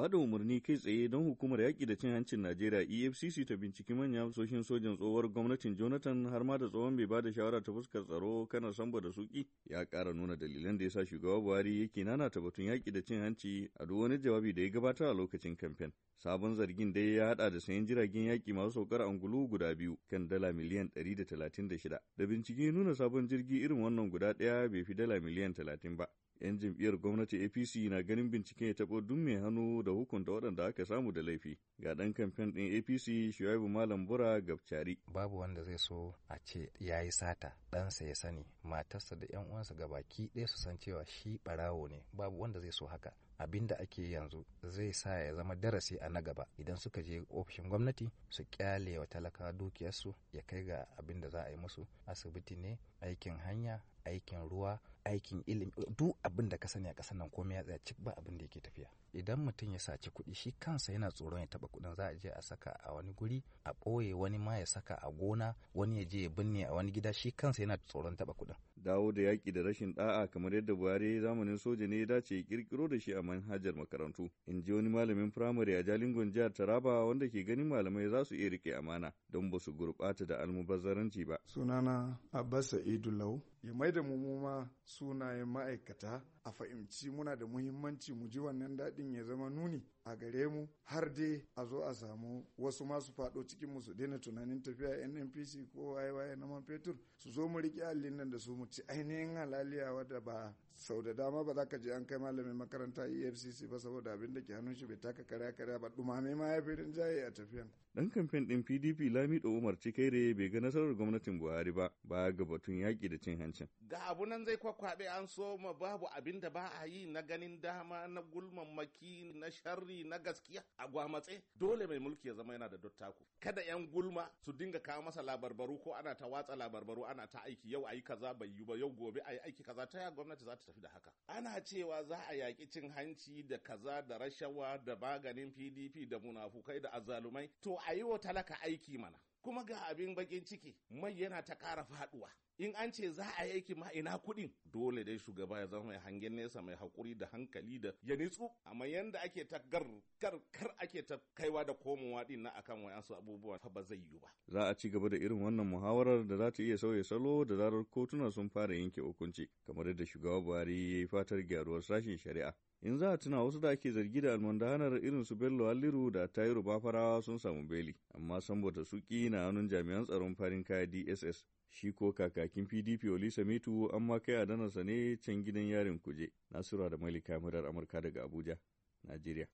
bada umarni kai tsaye don hukumar yaƙi da cin hancin Najeriya EFCC ta binciki manyan amsoshin sojan tsohuwar gwamnatin Jonathan har ma da tsohon bai bada shawara ta fuskar tsaro kana samba da suki ya kara nuna dalilan da ya sa shugaba Buhari yake nana ta batun yaƙi da cin hanci a duk wani jawabi da ya gabata a lokacin kamfen. Sabon zargin dai ya haɗa da sayan jiragen yaƙi masu saukar angulu guda biyu kan dala miliyan ɗari da talatin da da shida bincike nuna sabon jirgi irin wannan guda ɗaya bai fi dala miliyan talatin ba. 'Yan jam'iyyar gwamnati APC na ganin binciken ya taɓo duk mai hannu da hukunta waɗanda aka samu da laifi. Ga ɗan kamfen ɗin APC Shuaibu Malam Bura Gabcari. Babu wanda zai so a ce ya yi sata, ɗansa ya sani, matarsa da 'yan uwansa gabaki ɗaya su san cewa shi ɓarawo ne, babu wanda zai so haka. abin da ake yanzu zai sa ya zama darasi a na gaba idan suka je ofishin gwamnati su kyale wa talaka dukiyarsu ya kai ga abin da za a yi musu asibiti ne aikin hanya aikin ruwa aikin ilimi duk abin da ka sani a ƙasar nan komai ya tsaya cik ba abin da yake tafiya idan mutum ya saci kuɗi shi kansa yana tsoron ya taɓa kuɗin za a je a saka a wani guri a ɓoye wani ma ya saka a gona wani ya je ya binne a wani gida shi kansa yana tsoron taɓa kuɗin dawo da yaƙi da rashin ɗa'a kamar yadda buhari zamanin soja ne ya dace ya ƙirƙiro da shi a manhajar makarantu in ji wani malamin firamare a jalingon jihar taraba wanda ke ganin malamai za su iya riƙe amana don ba su gurɓata da almubazzaranci ba sunana abbas sa'idu lau ya mai da ma sunayen ma'aikata a fahimci muna da muhimmanci mu ji wannan daɗin ya zama nuni a gare mu har dai a zo a samu wasu masu faɗo cikin musu daina tunanin tafiya NNPC ko waye na man fetur su zo mu riƙe allin nan da su mu ci ainihin halaliya wadda ba sau da dama ba za ka je an kai malamin makaranta EFCC ba saboda abin da ke hannun shi bai taka karya karya ba dumame ma ya fi jaye a tafiyan. Dan kamfen ɗin PDP Lamido Umar Cikaire bai ga nasarar gwamnatin Buhari ba ba ga batun yaƙi da cin hancin. Ga abu nan zai kwakwaɓe an so ma babu abin da ba a yi na ganin dama na gulmammaki na sharri na gaskiya a gwamatse dole mai mulki ya zama yana da dottaku kada yan gulma su dinga kawo masa labarbaru ko ana ta watsa labarbaru ana ta aiki yau ayi kaza bai yi ba yau gobe ayi aiki kaza ta ya gwamnati za ta tafi da haka ana cewa za a yaki cin hanci da kaza da rashawa da maganin PDP da munafukai da azalumai to ayi wa talaka aiki mana kuma ga abin bakin ciki mai yana ta kara faduwa in an ce za a yi aiki ma ina kuɗin dole dai shugaba ya zama mai hangen nesa mai hakuri da hankali da ya nitsu amma yanda ake ta gar kar ake ta kaiwa da komowa din na akan su abubuwa fa ba zai yi ba za a ci gaba da irin wannan muhawarar da za ta iya sauya salo da zarar kotuna sun fara yanke hukunci kamar yadda shugaba Buhari ya yi fatar gyaruwar sashen shari'a in za a tuna wasu da ake zargi da hanar irin su bello alliru da tayiru bafarawa sun samu beli amma saboda suki na hannun jami'an tsaron farin kaya dss shi ko kakakin pdp olisa mitu an ma kai adanarsa ne can gidan yarin kuje nasura da malika murar amurka daga abuja najeriya